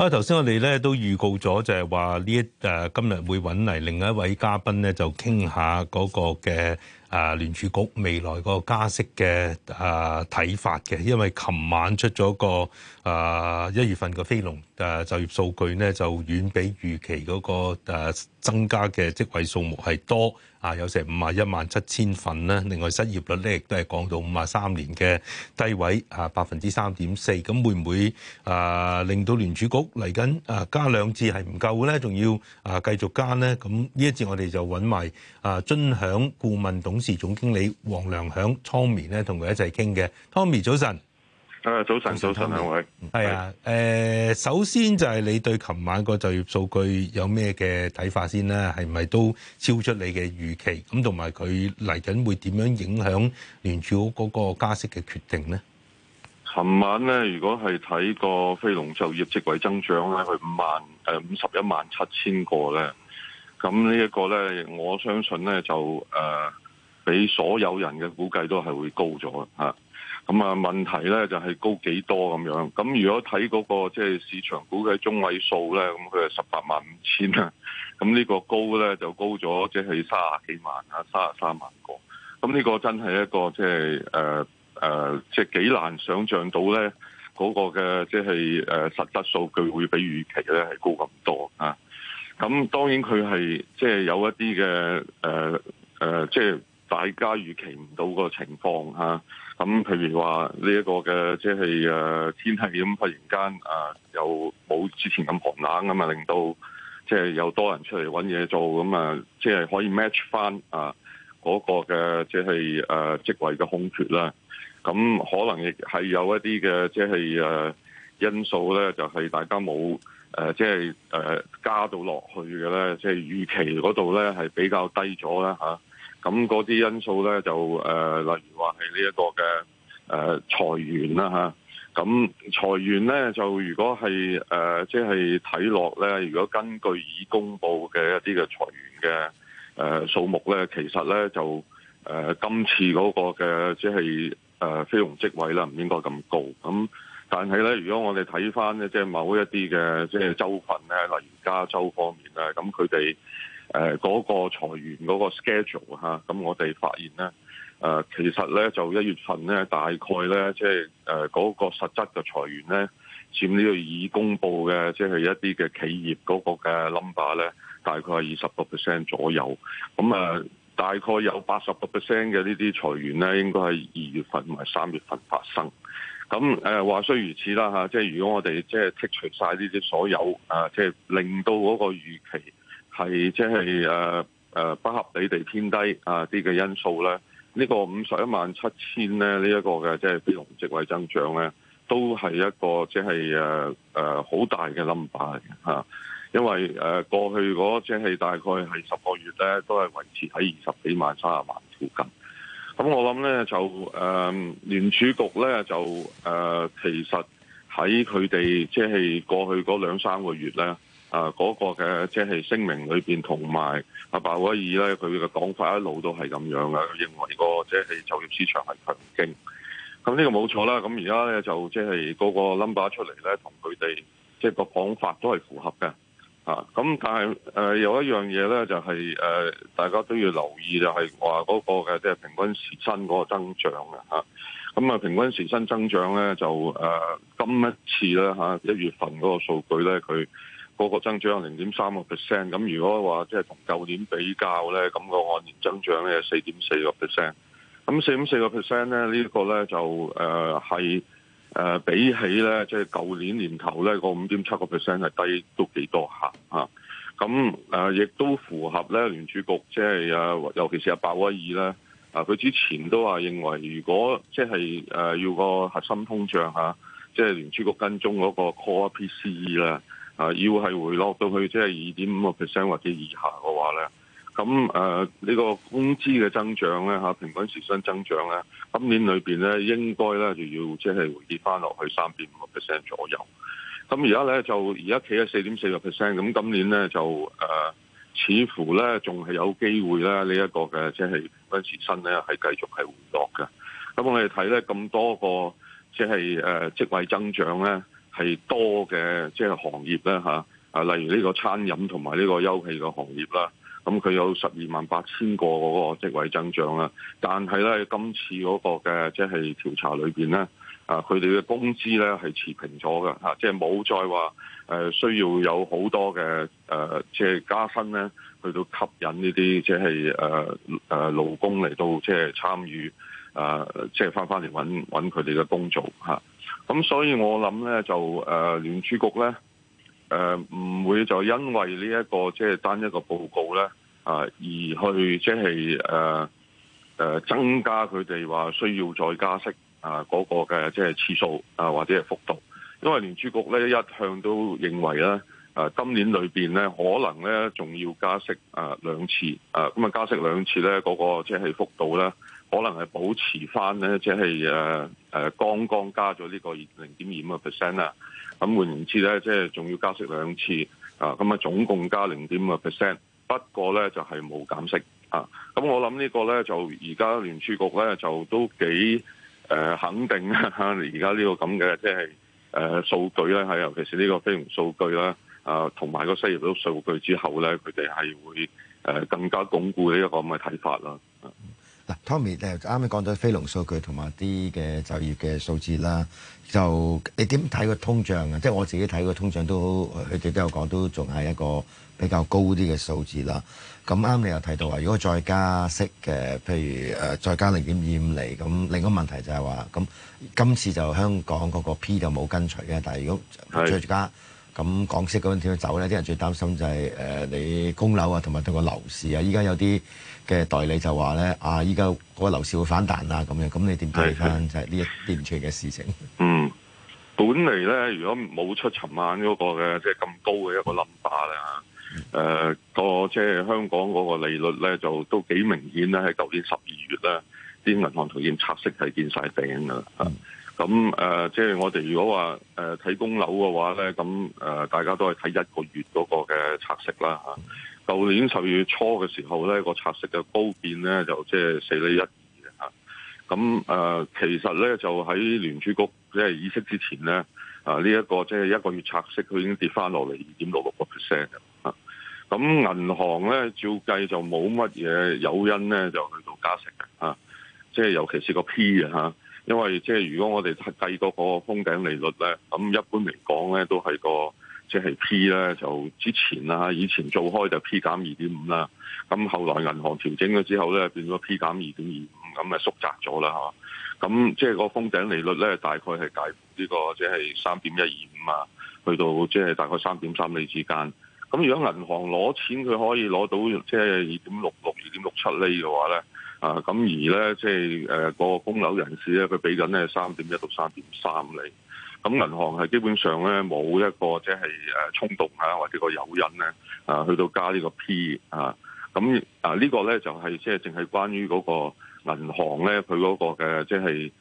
啊！頭先我哋咧都預告咗，就係話呢一，誒今日會揾嚟另一位嘉賓咧，就傾下嗰個嘅啊聯儲局未來個加息嘅啊睇法嘅。因為琴晚出咗個啊一月份嘅非農誒就業數據咧，就遠比預期嗰個誒增加嘅職位數目係多。啊，有成五十一萬七千份咧，另外失業率咧亦都係降到五十三年嘅低位，啊百分之三點四，咁會唔會啊令到聯儲局嚟緊啊加兩次係唔夠咧，仲要啊繼續加咧？咁呢一次我哋就揾埋啊臻享顧問董事總經理王良享 Tommy 咧，同佢一齊傾嘅，Tommy 早晨。啊！早晨，早晨，兩位係啊。誒、呃，首先就係你對琴晚個就業數據有咩嘅睇法先啦？係咪都超出你嘅預期？咁同埋佢嚟緊會點樣影響聯儲局嗰個加息嘅決定咧？琴晚咧，如果係睇過非農就業職位增長咧，佢五萬誒五十一萬七千個咧。咁呢一個咧，我相信咧就誒、呃，比所有人嘅估計都係會高咗吓。咁啊，問題咧就係、是、高幾多咁樣？咁如果睇嗰、那個即係、就是、市場估計中位數咧，咁佢係十八萬五千啊。咁呢個高咧就高咗，即係三十幾萬啊，三十三萬個。咁呢個真係一個即係誒誒，即係幾難想象到咧嗰、那個嘅即係誒實質數據會比預期咧係高咁多啊。咁當然佢係即係有一啲嘅誒誒即係大家預期唔到個情況啊。咁譬如話呢一個嘅即係誒天氣咁忽然間啊，又冇之前咁寒冷咁啊，令到即係有多人出嚟搵嘢做咁啊，即係可以 match 翻啊嗰個嘅即係誒職位嘅空缺啦。咁可能亦係有一啲嘅即係誒因素咧，就係大家冇誒即係誒加到落去嘅咧，即係預期嗰度咧係比較低咗啦吓。咁嗰啲因素咧就誒、呃，例如話係呢一個嘅誒、呃、裁員啦吓，咁裁員咧就如果係誒，即係睇落咧，如果根據已公布嘅一啲嘅裁員嘅誒數目咧，其實咧就誒、呃、今次嗰個嘅即係誒非農職位啦，唔應該咁高。咁但係咧，如果我哋睇翻咧，即、就、係、是、某一啲嘅即係州份咧，例如加州方面呢，咁佢哋。誒、那、嗰個裁員嗰個 schedule 嚇，咁我哋發現咧，誒其實咧就一月份咧，大概咧即係誒嗰個實質嘅裁員咧，佔呢個已公佈嘅即係一啲嘅企業嗰個嘅 number 咧，大概係二十個 percent 左右。咁啊，大概有八十個 percent 嘅呢啲裁員咧，應該係二月份同埋三月份發生。咁誒話雖如此啦嚇，即係如果我哋即係剔除晒呢啲所有啊，即、就、係、是、令到嗰個預期。係即係誒誒不合理地偏低啊啲嘅因素咧，呢個五十一萬七千咧呢一個嘅即係非農職位增長咧，都係一個即係誒誒好大嘅 number 嚟嘅吓，因為誒過去嗰即係大概係十個月咧都係維持喺二十幾萬、三十萬附近。咁我諗咧就誒聯儲局咧就誒其實喺佢哋即係過去嗰兩三個月咧。啊，嗰、那個嘅即係聲明裏面，同埋阿鮑威爾咧，佢嘅講法一路都係咁樣噶。佢認為個即係就業市場係強勁，咁呢個冇錯啦。咁而家咧就即係嗰個 number 出嚟咧，同佢哋即係個講法都係符合嘅。咁、啊、但係誒、呃、有一樣嘢咧，就係、是、誒、呃、大家都要留意就係話嗰個嘅即係平均時薪嗰個增長嘅咁啊，啊，平均時薪增長咧就誒、啊、今一次咧、啊、一月份嗰個數據咧佢。個、那個增長零點三個 percent，咁如果話即係同舊年比較咧，咁、那個按年增長咧係四點四個 percent，咁四點四個 percent 咧呢個咧就誒係誒比起咧即係舊年年頭咧個五點七個 percent 係低都幾多下啊。咁誒亦都符合咧聯儲局即係啊，尤其是啊鮑威爾咧啊，佢之前都話認為如果即係誒要個核心通脹吓，即、啊、係、即係、聯儲局跟蹤嗰個 Core PCE 啦。啊，要係回落到去即係二點五個 percent 或者以下嘅話咧，咁誒呢個工資嘅增長咧吓，平均時薪增長咧，今年裏邊咧應該咧就要即係回跌翻落去三點五個 percent 左右。咁而家咧就而家企喺四點四個 percent，咁今年咧就誒、呃，似乎咧仲係有機會咧呢一個嘅，即係平均時薪咧係繼續係回落嘅。咁我哋睇咧咁多個，即係誒職位增長咧。係多嘅，即係行業咧吓，啊，例如呢個餐飲同埋呢個休憩嘅行業啦，咁佢有十二萬八千個嗰個職位增長啦。但係咧今次嗰個嘅即係調查裏邊咧，啊，佢哋嘅工資咧係持平咗嘅吓，即係冇再話誒需要有好多嘅誒即係加薪咧，去到吸引呢啲即係誒誒勞工嚟到即係參與啊，即係翻翻嚟揾揾佢哋嘅工做。吓。咁所以我想呢，我諗咧就誒，聯、啊、儲局咧誒，唔、啊、會就因為呢、這、一個即係、就是、單一個報告咧啊，而去即係誒誒，增加佢哋話需要再加息啊、那個嘅即係次數啊或者係幅度，因為聯儲局咧一向都認為咧，誒、啊、今年裏邊咧可能咧仲要加息啊兩次，誒咁啊加息兩次咧嗰、那個即係幅度咧，可能係保持翻咧即係誒。就是啊誒剛剛加咗呢個零點二五個 percent 啦，咁換言之咧，即係仲要加息兩次啊，咁啊總共加零點五個 percent，不過咧就係、是、冇減息啊。咁我諗呢個咧就而家聯儲局咧就都幾誒、呃、肯定而家呢個咁嘅，即係誒數據咧，係尤其是呢個非農數據啦，啊同埋個失業率數據之後咧，佢哋係會誒更加鞏固呢一個咁嘅睇法啦。Tommy，你啱啱講咗非農數據同埋啲嘅就業嘅數字啦，就你點睇個通脹啊？即係我自己睇個通脹都，佢哋都有講都仲係一個比較高啲嘅數字啦。咁啱你又提到話，如果再加息嘅，譬如再加零點二五厘，咁另一個問題就係、是、話，咁今次就香港嗰個 P 就冇跟隨嘅。但係如果再加，咁港息嗰邊點樣走咧？啲人最擔心就係誒你供樓啊，同埋對個樓市啊，依家有啲嘅代理就話咧啊，依家嗰個樓市會反彈啊咁樣，咁你點睇翻就係呢一啲唔錯嘅事情？嗯，本嚟咧，如果冇出尋晚嗰個嘅即係咁高嘅一個冧巴啦，誒、嗯啊、個即係香港嗰個利率咧就都幾明顯咧，係舊年十二月咧啲銀行同業拆息係見晒頂噶啦。咁、啊、誒、嗯呃、即係我哋如果、呃、看公的話誒睇供樓嘅話咧，咁誒、呃、大家都係睇一個月嗰個嘅拆息啦嚇。啊舊年十二月初嘅時候咧，個拆息嘅高變咧就即係四釐一二嘅嚇。咁誒、呃，其實咧就喺聯儲局即係、就是、議息之前咧，啊呢一、這個即係、就是、一個月拆息佢已經跌翻落嚟二點六六個 percent 嘅嚇。咁銀行咧照計就冇乜嘢誘因咧就去到加息嘅嚇。即、啊、係、就是、尤其是個 P 啊，嚇，因為即係、就是、如果我哋計嗰個封頂利率咧，咁一般嚟講咧都係個。即、就、係、是、P 咧，就之前啊，以前做開就 P 減二點五啦，咁後來銀行調整咗之後咧，變咗 P 減二點二五，咁咪縮窄咗啦嚇。咁即係個封頂利率咧，大概係介乎呢個即係三點一二五啊，就是、去到即係大概三點三厘之間。咁如果銀行攞錢，佢可以攞到即係二點六六、二點六七厘嘅話咧，啊咁而咧即係誒個供樓人士咧，佢俾緊咧三點一到三點三厘。咁銀行係基本上咧冇一個即係誒衝動啊，或者個誘因咧，啊去到加呢個 P 啊，咁啊呢個咧就係即係淨係關於嗰個銀行咧，佢嗰個嘅即係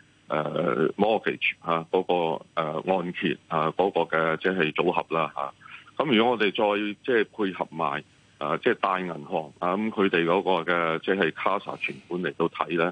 mortgage 啊嗰個按揭啊嗰個嘅即係組合啦嚇，咁如果我哋再即係配合埋啊即係大銀行啊咁佢哋嗰個嘅即係 CASA 存款嚟到睇咧。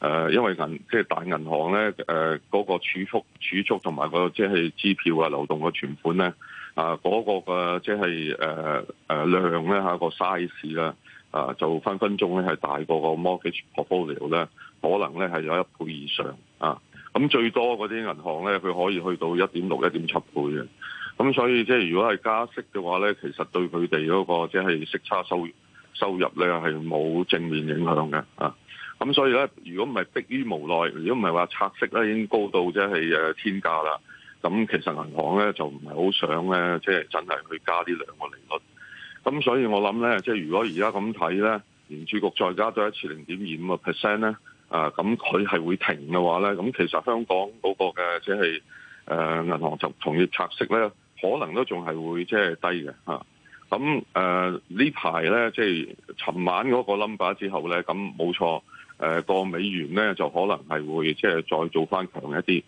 誒，因為銀即係大銀行咧，誒嗰個儲蓄、儲蓄同埋個即係支票啊、流動嘅存款咧，啊、那、嗰個嘅即係誒誒量咧嚇個 size 咧，啊就分分鐘咧係大過個 mortgage portfolio 咧，可能咧係有一倍以上啊。咁最多嗰啲銀行咧，佢可以去到一點六、一點七倍嘅。咁所以即係如果係加息嘅話咧，其實對佢哋嗰個即係息差收收入咧係冇正面影響嘅啊。咁所以咧，如果唔係迫於無奈，如果唔係話拆息咧已經高到即係天價啦，咁其實銀行咧就唔係好想咧，即係真係去加啲兩個利率。咁所以我諗咧，即係如果而家咁睇咧，聯儲局再加多一次零點二五個 percent 咧，啊咁佢係會停嘅話咧，咁其實香港嗰個嘅即係誒銀行就同業拆息咧，可能都仲係會即係低嘅。咁誒呢排咧，即係尋晚嗰個 number 之後咧，咁冇錯。誒個美元咧就可能係會即係、就是、再做翻強一啲，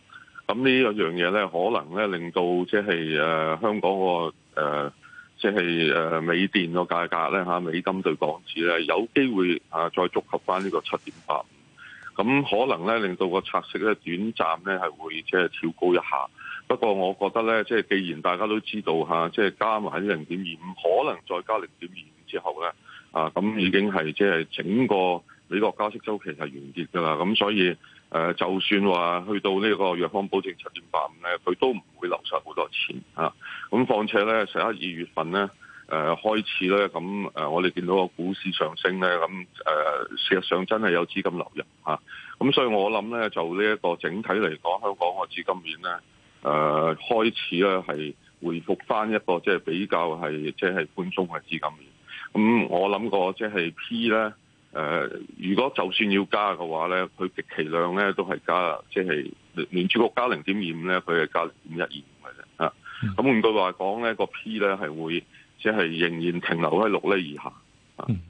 咁呢一樣嘢咧可能咧令到即係誒香港個誒即係誒美電個價格咧嚇美金對港紙咧有機會啊再觸及翻呢個七點八五，咁可能咧令到個拆息咧短暫咧係會即係跳高一下，不過我覺得咧即係既然大家都知道嚇，即、啊、係、就是、加埋零點二五，可能再加零點二五之後咧啊咁已經係即係整個。美國加息周期就完結㗎啦，咁所以誒，就算話去到呢個弱方保證七點八五咧，佢都唔會流失好多錢啊。咁況且咧，十一二月份咧誒、呃、開始咧，咁誒我哋見到個股市上升咧，咁誒事實上真係有資金流入啊。咁所以我諗咧，就呢一個整體嚟講，香港個資金面咧誒、呃、開始咧係回復翻一個即係比較係即係寬鬆嘅資金面。咁我諗個即係 P 咧。誒，如果就算要加嘅話咧，佢極其量咧都係加，即係聯聯儲局加零點二五咧，佢係加零點一二五嘅啫。咁換句話講咧，個 P 咧係會，即係仍然停留喺六厘以下。嗯。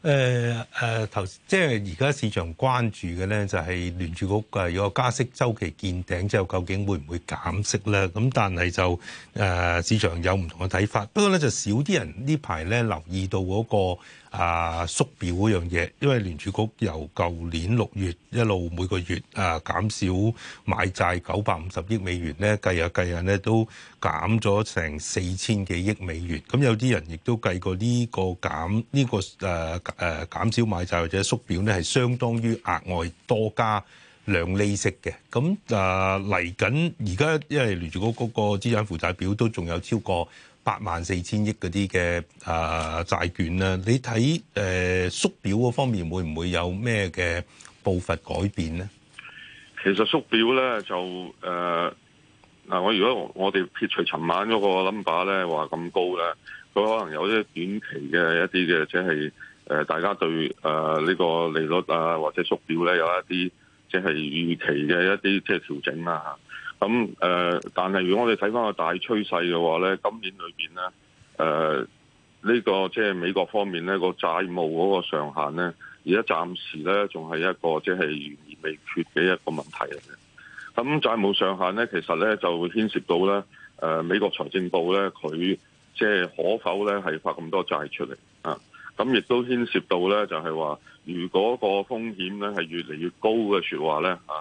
誒、呃、誒，頭、呃、即係而家市場關注嘅咧，就係聯儲局嘅如果加息周期見頂之後，究竟會唔會減息咧？咁但係就誒、呃，市場有唔同嘅睇法。不過咧，就少啲人呢排咧留意到嗰個。啊縮表嗰樣嘢，因為聯儲局由舊年六月一路每個月啊減少買債九百五十億美元咧，計下計下咧都減咗成四千幾億美元。咁有啲人亦都計過呢個減呢、這個誒誒、啊啊、減少買債或者縮表咧，係相當於額外多加兩厘息嘅。咁啊嚟緊而家因為聯儲局嗰個資產負債表都仲有超過，八萬四千億嗰啲嘅啊債券啊，你睇誒、呃、縮表嗰方面會唔會有咩嘅步伐改變咧？其實縮表咧就誒嗱，我、呃、如果我哋撇除尋晚嗰個 number 咧話咁高咧，佢可能有啲短期嘅一啲嘅，即係誒大家對誒呢個利率啊或者縮表咧有一啲即係預期嘅一啲即係調整啦。咁誒、呃，但係如果我哋睇翻個大趨勢嘅話咧，今年裏邊咧，誒、呃、呢、這個即係美國方面咧個債務嗰個上限咧，而家暫時咧仲係一個即係懸而未決嘅一個問題嚟嘅。咁債務上限咧，其實咧就會牽涉到咧，誒、呃、美國財政部咧佢即係可否咧係發咁多債出嚟啊？咁亦都牽涉到咧就係、是、話，如果個風險咧係越嚟越高嘅說話咧、啊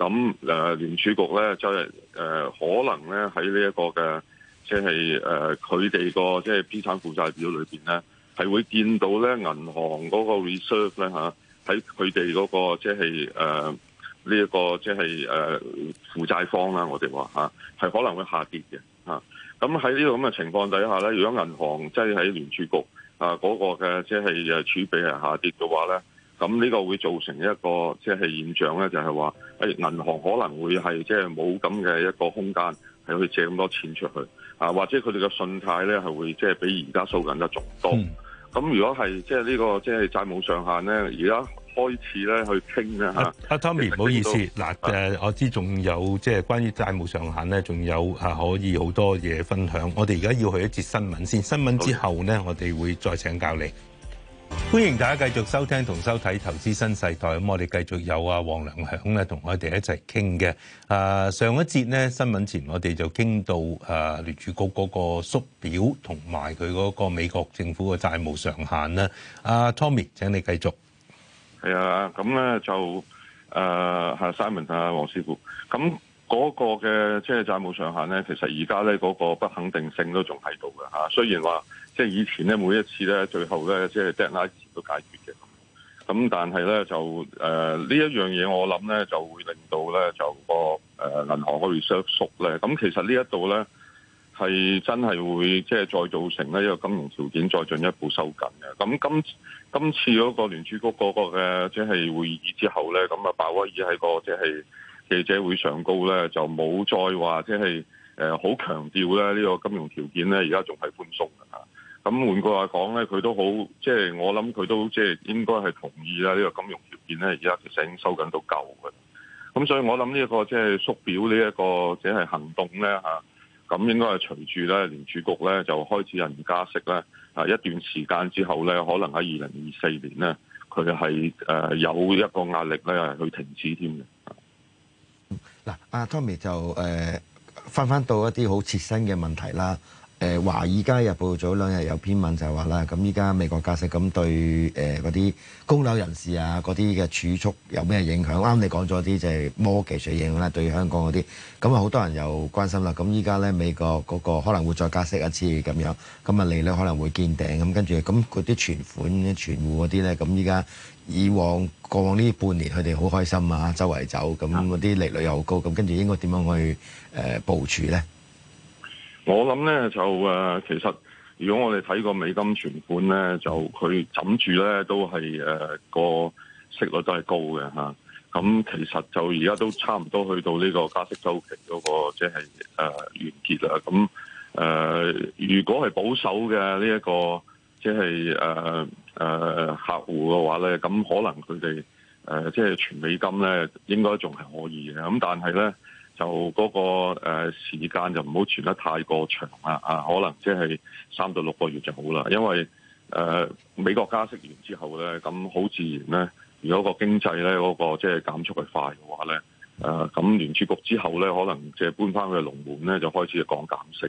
咁誒聯儲局咧，即係誒可能咧喺呢一個嘅，即係誒佢哋個即係資產負債表裏面咧，係會見到咧銀行嗰個 reserve 咧嚇喺佢哋嗰個即係誒呢一個即係誒負債方啦，我哋話嚇係可能會下跌嘅嚇。咁喺呢個咁嘅情況底下咧，如果銀行即係喺聯儲局啊嗰個嘅即係誒儲備係下跌嘅話咧。咁呢個會造成一個即係現象咧，就係話誒銀行可能會係即係冇咁嘅一個空間，係去借咁多錢出去啊，或者佢哋嘅信貸咧係會即係比而家收緊得仲多，嗯。咁如果係即係呢個即係債務上限咧，而家開始咧去傾咧嚇。阿、啊啊啊、Tommy，唔好意思，嗱、啊、我知仲有即係關於債務上限咧，仲有啊可以好多嘢分享。我哋而家要去一節新聞先，新聞之後咧，我哋會再請教你。歡迎大家繼續收聽同收睇《投資新世代》咁，我哋繼續有啊王良享咧同我哋一齊傾嘅。啊，上一節咧新聞前我哋就傾到啊聯儲局嗰個縮表同埋佢嗰個美國政府嘅債務上限咧。阿 Tommy，請你繼續是。係啊，咁咧就誒，係 Simon 啊，王師傅。咁嗰個嘅即係債務上限咧，其實而家咧嗰個不肯定性都仲喺度㗎吓，雖然話。即係以前咧，每一次咧，最後咧，即係 deadline 都解決嘅。咁但係咧，就誒呢一樣嘢，我諗咧就會令到咧，就個誒銀行可以縮縮咧。咁其實呢一度咧係真係會即係再造成呢一個金融條件再進一步收緊嘅。咁今今次嗰個聯儲局嗰個嘅即係會議之後咧，咁啊鮑威爾喺個即係記者會上高咧，就冇再話即係誒好強調咧呢個金融條件咧，而家仲係寬鬆㗎。咁換句話講咧，佢都好，即係我諗佢都即係應該係同意啦。呢個金融條件咧，而家其實已經收緊到夠㗎。咁所以我諗呢一個即係縮表呢一個即係行動咧吓，咁應該係隨住咧聯儲局咧就開始有人加息咧啊一段時間之後咧，可能喺二零二四年咧，佢係有一個壓力咧係去停止添嘅。嗱，阿 Tommy 就返翻翻到一啲好切身嘅問題啦。誒華爾街日報早兩日有篇文就係話啦，咁依家美國加息咁對誒嗰啲供樓人士啊，嗰啲嘅儲蓄有咩影響？啱你講咗啲就係 mortgage 嘅影響啦，對香港嗰啲，咁啊好多人又關心啦。咁依家咧美國嗰個可能會再加息一次咁樣，咁啊利率可能會見頂，咁跟住咁佢啲存款、存戶嗰啲咧，咁依家以往過往呢半年佢哋好開心啊，周圍走，咁嗰啲利率又好高，咁跟住應該點樣去誒、呃、部署咧？我諗咧就誒，其實如果我哋睇個美金存款咧，就佢枕住咧都係誒個息率都係高嘅吓。咁、啊、其實就而家都差唔多去到呢個加息周期嗰、那個即係誒完結啦。咁誒、呃，如果係保守嘅呢一個即係誒誒客戶嘅話咧，咁可能佢哋誒即係全美金咧，應該仲係可以嘅。咁但係咧，就嗰個誒時間就唔好存得太過長啦，啊，可能即係三到六個月就好啦，因為誒、呃、美國加息完之後咧，咁好自然咧，如果個經濟咧嗰、嗰個即係減速係快嘅話咧，誒、啊、咁聯儲局之後咧，可能即係搬翻去龍門咧，就開始講減息。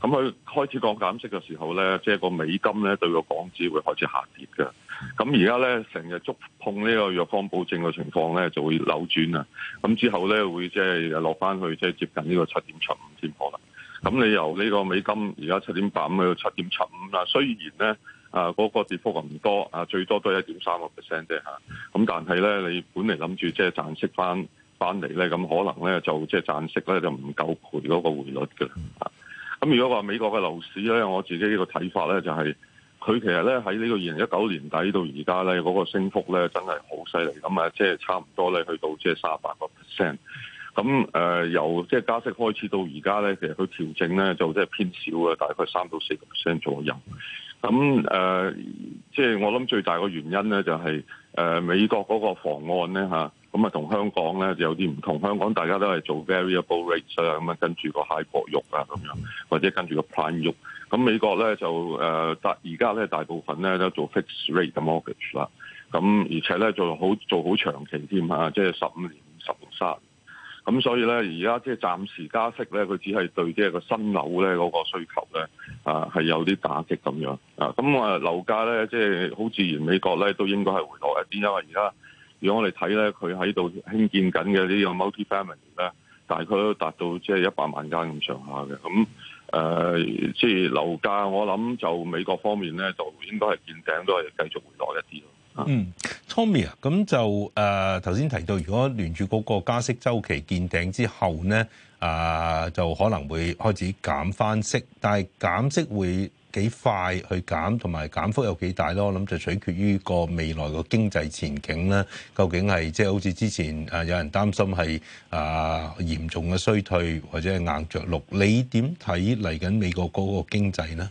咁佢開始講減息嘅時候咧，即係個美金咧對個港紙會開始下跌嘅。咁而家咧成日觸碰呢個弱方保證嘅情況咧，就會扭轉啊。咁之後咧會即係落翻去即係接近呢個七點七五先可能。咁你由呢個美金而家七點八五去到七點七五啦。雖然咧啊嗰個跌幅唔多啊，最多都係一點三個 percent 啫嚇。咁但係咧你本嚟諗住即係賺息翻翻嚟咧，咁可能咧就即係賺息咧就唔夠賠嗰個匯率㗎。咁如果話美國嘅樓市咧，我自己呢個睇法咧就係、是，佢其實咧喺呢個二零一九年底到而家咧，嗰、那個升幅咧真係好犀利，咁啊，即係差唔多咧去到即係三十八個 percent。咁誒、嗯呃、由即係加息開始到而家咧，其實佢調整咧就即係偏少嘅，大概三到四個 percent 左右。咁誒，即、呃、係、就是、我諗最大個原因咧，就是，就係誒美國嗰個房按咧，咁啊同香港咧就有啲唔同。香港大家都係做 variable rate 啊，咁樣跟住個 HIBOR 用啊，咁樣或者跟住個 prime 用。咁美國咧就誒而家咧大部分咧都做 fixed rate 嘅 mortgage 啦、啊。咁而且咧做好做好長期添，即係十五年、十年三。咁所以咧，而家即係暫時加息咧，佢只係對即係個新樓咧嗰個需求咧，啊係有啲打擊咁樣啊。咁啊樓價咧，即係好自然，美國咧都應該係回落一啲，因為而家如果我哋睇咧，佢喺度興建緊嘅呢個 multi-family 咧，大概都達到即係一百萬間咁上下嘅。咁誒，即係樓價，我諗就美國方面咧，就應該係見頂都係繼續回落一啲。嗯，Tommy 啊，咁就誒頭先提到，如果聯儲嗰個加息周期見頂之後咧，啊、呃、就可能會開始減翻息，但係減息會幾快去減，同埋減幅有幾大咯？我諗就取決於個未來個經濟前景咧，究竟係即係好似之前誒有人擔心係啊、呃、嚴重嘅衰退或者係硬着陸，你點睇嚟緊美國嗰個經濟咧？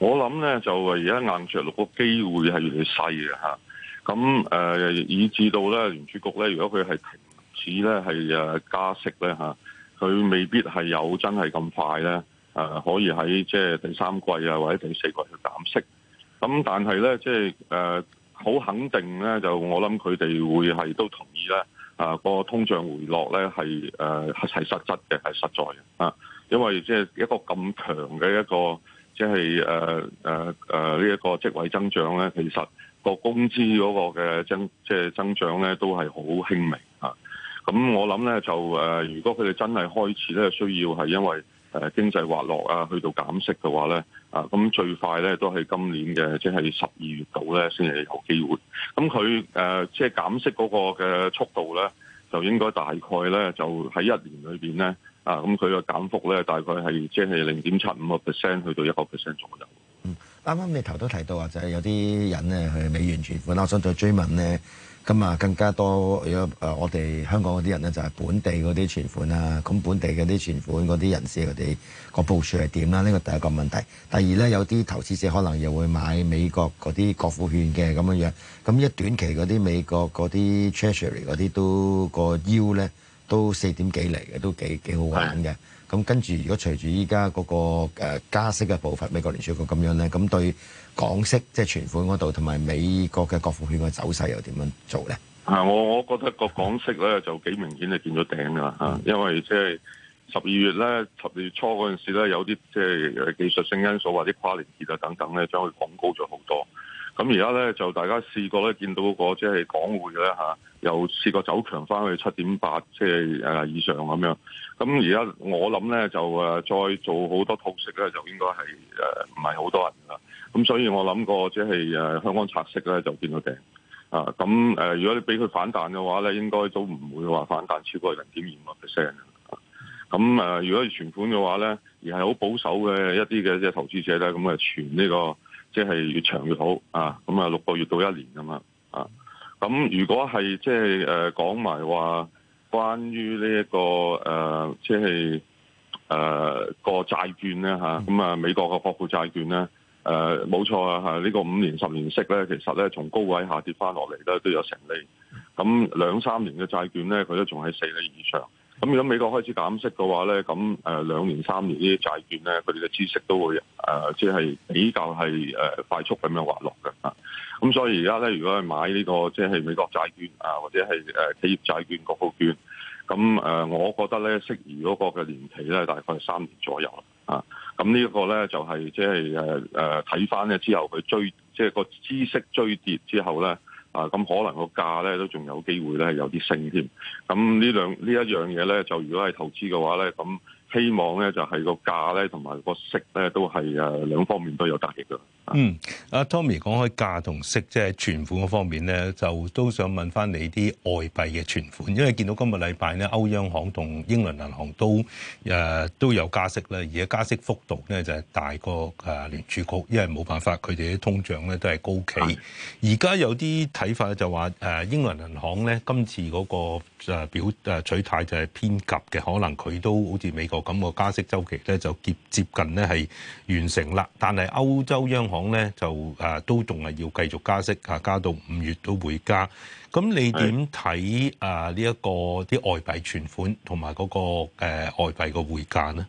我諗咧就係而家硬着陸個機會係越嚟越細嘅嚇，咁誒、呃、以至到咧聯儲局咧，如果佢係停止咧係誒加息咧嚇，佢未必係有真係咁快咧，誒、呃、可以喺即係第三季啊或者第四季去減息。咁但係咧即係誒好肯定咧，就我諗佢哋會係都同意咧，啊、那個通脹回落咧係誒係實質嘅，係實在嘅啊，因為即係一個咁強嘅一個。即係誒誒誒呢一個職位增長咧，其實個工資嗰個嘅增即係、就是、增長咧，都係好輕微咁、啊、我諗咧就誒、呃，如果佢哋真係開始咧需要係因為誒經濟滑落啊，去到減息嘅話咧啊，咁最快咧都係今年嘅，即係十二月度咧先係有機會。咁佢誒即係減息嗰個嘅速度咧，就應該大概咧就喺一年裏邊咧。啊，咁佢個減幅咧，大概係即係零點七五個 percent 去到一個 percent 左右。嗯，啱啱你頭都提到話就係、是、有啲人咧去美元存款，我想再追問咧，咁啊更加多如果誒我哋香港嗰啲人咧就係本地嗰啲存款啦，咁本地嗰啲存款嗰啲人士佢哋個部署係點啦？呢、這個第一個問題。第二咧，有啲投資者可能又會買美國嗰啲國庫券嘅咁樣樣。咁一短期嗰啲美國嗰啲 Treasury 嗰啲都個腰咧。都四點幾嚟嘅，都幾幾好玩嘅。咁跟住，如果隨住依家嗰個加息嘅步伐，美國聯儲局咁樣咧，咁對港息即係存款嗰度同埋美國嘅國庫券嘅走勢又點樣做咧？啊，我我覺得個港息咧就幾明顯係見咗頂啦嚇，因為即係十二月咧，十二月初嗰陣時咧有啲即係技術性因素或者跨年結啊等等咧，將佢拱高咗好多。咁而家咧就大家試過咧，見到、個即係港匯咧嚇、啊，又試過走強翻去七點八即係、啊、以上咁樣。咁而家我諗咧就、啊、再做好多套息咧，就應該係唔係好多人啦。咁所以我諗個即係香港拆息咧就見到頂。啊。咁、啊啊、如果你俾佢反彈嘅話咧，應該都唔會話反彈超過零點二個 percent 咁如果係存款嘅話咧，而係好保守嘅一啲嘅即係投資者咧，咁啊存呢、個。即係越長越好啊。咁啊，六個月到一年噶嘛啊。咁如果係即係誒講埋話，就是呃、說說關於呢、這個誒，即係誒個債券咧吓，咁啊美國嘅國庫債券咧誒，冇錯啊吓，呢、這個五年十年息咧，其實咧從高位下跌翻落嚟咧都有成厘，咁兩三年嘅債券咧，佢都仲係四厘以上。咁如果美國開始減息嘅話咧，咁兩年、三年呢啲債券咧，佢哋嘅孳息都會即係、呃就是、比較係快速咁樣滑落嘅。咁所以而家咧，如果係買呢、這個即係、就是、美國債券啊，或者係企業債券、國庫券，咁我覺得咧，適宜嗰個嘅年期咧，大概係三年左右啦。啊，咁呢一個咧就係即係睇翻咧之後，佢追即係、就是、個孳息追跌之後咧。啊，咁可能個價咧都仲有機會咧有啲升添，咁呢兩呢一樣嘢咧就如果係投資嘅話咧，咁希望咧就係、是、個價咧同埋個息咧都係誒、啊、兩方面都有得益嘅。嗯，阿 Tommy 講開價同息即係、就是，存款方面咧，就都想問翻你啲外幣嘅存款，因為見到今個禮拜咧，歐央行同英倫銀行都誒都有加息啦，而家加息幅度咧就係大過誒聯儲局，因為冇辦法佢哋啲通脹咧都係高企。而家有啲睇法咧就話誒英倫銀行咧今次嗰個誒表誒取態就係偏急嘅，可能佢都好似美國咁個加息周期咧就接接近咧係完成啦。但係歐洲央行，講咧就誒，都仲係要繼續加息啊，加到五月都會加。咁你點睇誒呢一個啲外幣存款同埋嗰個誒外幣個匯價咧？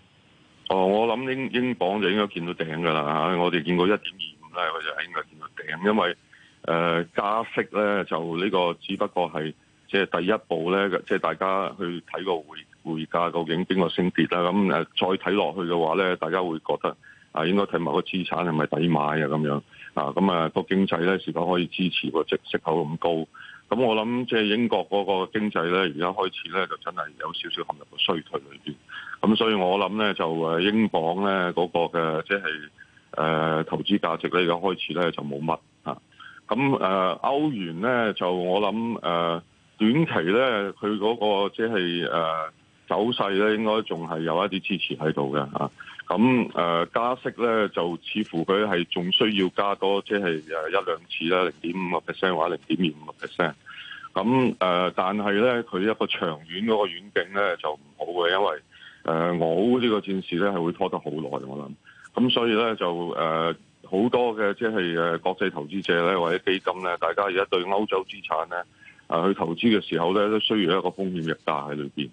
哦，我諗英英鎊就應該見到頂噶啦。我哋見過一點二五咧，我就應該見到頂。因為誒、呃、加息咧就呢個只不過係即係第一步咧，即、就、係、是、大家去睇個匯匯價究竟邊個升跌啦。咁、嗯、誒再睇落去嘅話咧，大家會覺得。啊，應該睇埋個資產係咪抵買啊咁樣啊，咁、那、啊個經濟咧是否可以支持個息息口咁高？咁我諗即係英國嗰個經濟咧，而家開始咧就真係有少少陷入個衰退裏面。咁所以我諗咧就英鎊咧嗰個嘅即係誒投資價值咧，而家開始咧就冇乜嚇。咁誒、呃、歐元咧就我諗誒、呃、短期咧佢嗰個即係誒走勢咧，應該仲係有一啲支持喺度嘅嚇。咁誒、呃、加息咧，就似乎佢係仲需要加多，即、就、係、是、一兩次啦，零點五個 percent 或者零點二五個 percent。咁誒、呃，但係咧，佢一個長遠嗰個遠景咧就唔好嘅，因為誒、呃、我呢個戰事咧係會拖得好耐，我諗。咁所以咧就誒好、呃、多嘅即係國際投資者咧或者基金咧，大家而家對歐洲資產咧、呃、去投資嘅時候咧，都需要一個風險入價喺裏面。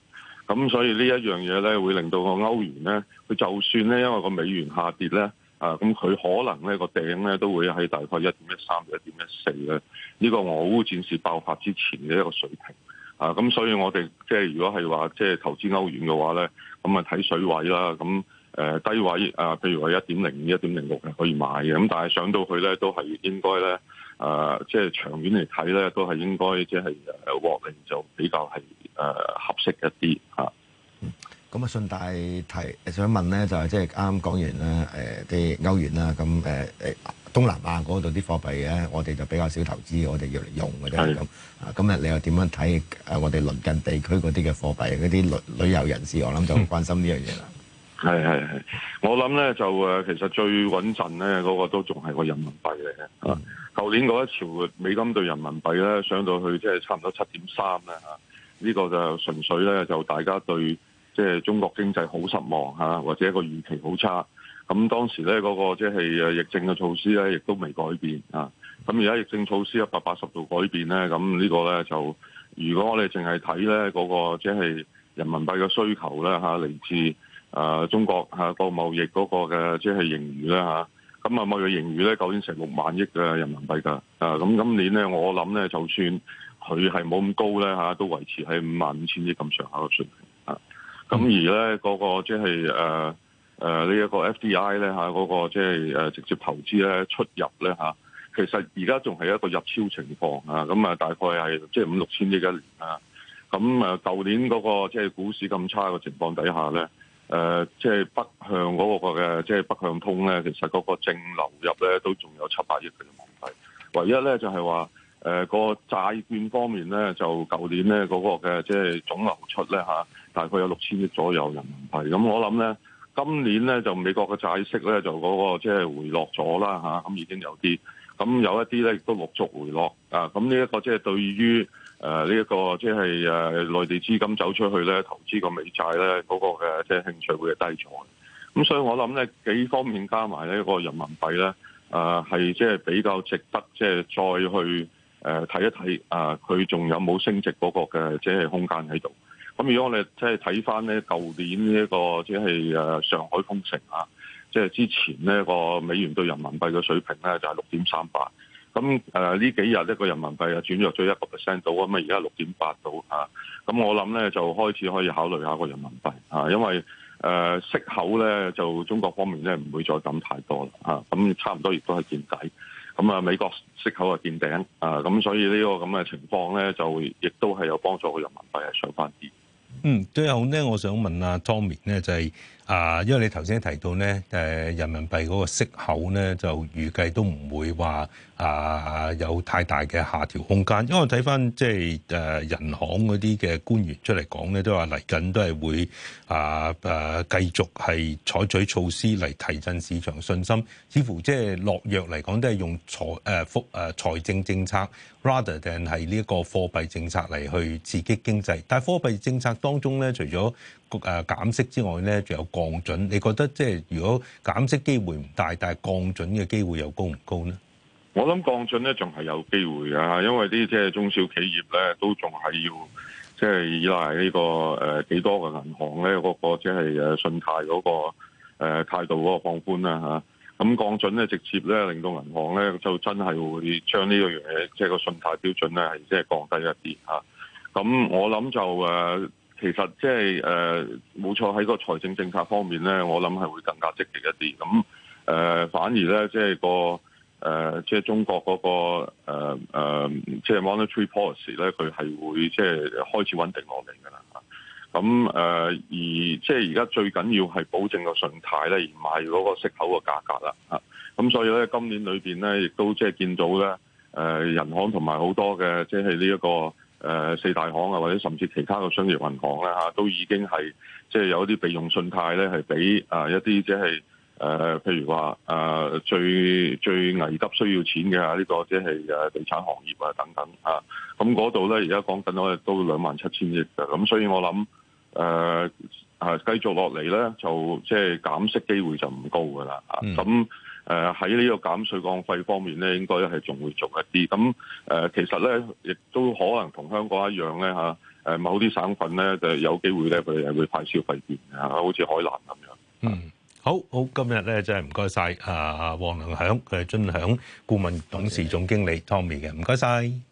咁所以呢一樣嘢咧，會令到個歐元咧，佢就算咧，因為個美元下跌咧，啊，咁佢可能咧個頂咧都會喺大概一點一三、一點一四呢個俄烏戰事爆發之前嘅一個水平。啊，咁所以我哋即係如果係話即係投資歐元嘅話咧，咁啊睇水位啦，咁誒低位啊，譬如話一點零五、一點零六係可以買嘅，咁但係上到去咧都係應該咧，誒，呃，即係長遠嚟睇咧都係應該即係誒獲利就比較係。誒、啊、合適一啲嚇，咁啊、嗯、順帶提想問咧，就係即係啱啱講完啦，誒、呃、啲歐元啦，咁誒誒東南亞嗰度啲貨幣咧，我哋就比較少投資，我哋要嚟用嘅啫咁。啊，今日你又點樣睇誒？我哋鄰近地區嗰啲嘅貨幣，嗰啲旅旅遊人士，我諗就關心呢樣嘢啦。係係係，我諗咧就誒，其實最穩陣咧，嗰、那個都仲係個人民幣嚟嘅。啊、嗯，舊年嗰一朝美金對人民幣咧，上到去即係差唔多七點三啦嚇。呢個就純粹咧，就大家對即係中國經濟好失望嚇，或者一個預期好差。咁當時咧嗰個即係誒疫症嘅措施咧，亦都未改變啊。咁而家疫症措施一百八十度改變咧，咁呢個咧就如果我哋淨係睇咧嗰個即係人民幣嘅需求咧嚇，嚟自誒中國嚇個貿易嗰個嘅即係盈餘咧嚇。咁啊貿易盈餘咧究竟成六萬億嘅人民幣㗎？誒咁今年咧我諗咧就算。佢係冇咁高咧嚇，都維持喺五萬五千億咁上下嘅水平啊。咁而咧、那、嗰個即係誒誒呢一個 FDI 咧、那、嚇、個，嗰個即係誒直接投資咧出入咧嚇，其實而家仲係一個入超情況啊。咁啊，大概係即係五六千億一年啊。咁啊、那個，舊年嗰個即係股市咁差嘅情況底下咧，誒即係北向嗰、那個嘅即係北向通咧，其實嗰個正流入咧都仲有七百億嘅問題。唯一咧就係話。誒、呃，那個債券方面咧，就舊年咧嗰、那個嘅即係總流出咧嚇，大概有六千億左右人民幣。咁我諗咧，今年咧就美國嘅債息咧就嗰個即係回落咗啦嚇。咁已經有啲，咁有一啲咧亦都陸續回落啊。咁呢一個即係對於誒呢一個即係誒內地資金走出去咧，投資個美債咧嗰、那個嘅即係興趣會低咗嘅。咁所以我諗咧幾方面加埋呢、那個人民幣咧，誒係即係比較值得即係再去。誒睇一睇啊，佢仲有冇升值嗰個嘅即係空間喺度？咁如果我哋即係睇翻咧，舊年呢一個即係誒上海封城啊，即係之前呢個美元對人民幣嘅水平咧就係六點三八，咁誒呢幾日呢個人民幣又轉弱咗一個 percent 到咁啊，而家六點八度啊，咁我諗咧就開始可以考慮下個人民幣啊，因為誒息口咧就中國方面咧唔會再減太多啦啊，咁差唔多亦都係見底。咁啊，美國息口啊見頂啊，咁所以呢個咁嘅情況咧，就亦都係有幫助，個人民幣係上翻啲。嗯，最後咧，我想問啊 Tommy 咧，就係、是、啊、呃，因為你頭先提到咧，誒人民幣嗰個息口咧，就預計都唔會話。啊！有太大嘅下調空間，因為我睇翻即係誒人行嗰啲嘅官員出嚟講咧，都話嚟緊都係會啊誒、啊、繼續係採取措施嚟提振市場信心。似乎即係落藥嚟講都，都係用財政政策 rather than 係呢一個貨幣政策嚟去刺激經濟。但係貨幣政策當中咧，除咗誒減息之外咧，仲有降準。你覺得即係如果減息機會唔大，但係降準嘅機會又高唔高咧？我諗降準咧仲係有機會啊，因為啲即係中小企業咧都仲係要即係、就是、依賴呢、這個誒、呃、幾多嘅銀行咧、那個個，即係誒信貸嗰、那個誒態、呃、度嗰個放寬啦吓，咁、啊、降準咧直接咧令到銀行咧就真係會將呢個嘢，即係個信貸標準咧係即係降低一啲吓，咁、啊、我諗就誒其實即係誒冇錯喺個財政政策方面咧，我諗係會更加積極一啲，咁誒、呃、反而咧即係個。誒、呃，即、就、係、是、中國嗰、那個誒即係 monetary policy 咧，佢係會即係開始穩定落嚟㗎啦。咁、啊、誒、呃、而即係而家最緊要係保證個信貸咧，而買嗰個息口個價格啦。咁、啊、所以咧，今年裏邊咧，亦都即係見到咧，誒、呃、人行同埋好多嘅即係呢一個誒、呃、四大行啊，或者甚至其他嘅商業銀行咧、啊、都已經係即係有一啲備用信貸咧，係俾啊一啲即係。誒、呃，譬如話，誒、呃、最最危急需要錢嘅呢、啊這個、就是，即係誒地產行業啊，等等啊，咁嗰度咧，而家講緊咧都兩萬七千億嘅，咁、啊、所以我諗誒、啊啊，繼續落嚟咧，就即係、就是、減息機會就唔高噶啦，咁誒喺呢個減稅降費方面咧，應該係仲會做一啲，咁、啊、誒、啊啊、其實咧，亦都可能同香港一樣咧嚇，誒、啊啊、某啲省份咧就有機會咧，佢哋係會派消費券嘅、啊，好似海南咁樣。啊嗯。好好，今日咧真係唔該晒啊！王良享，佢係臻享顧問董事總經理 Tommy 嘅，唔該晒。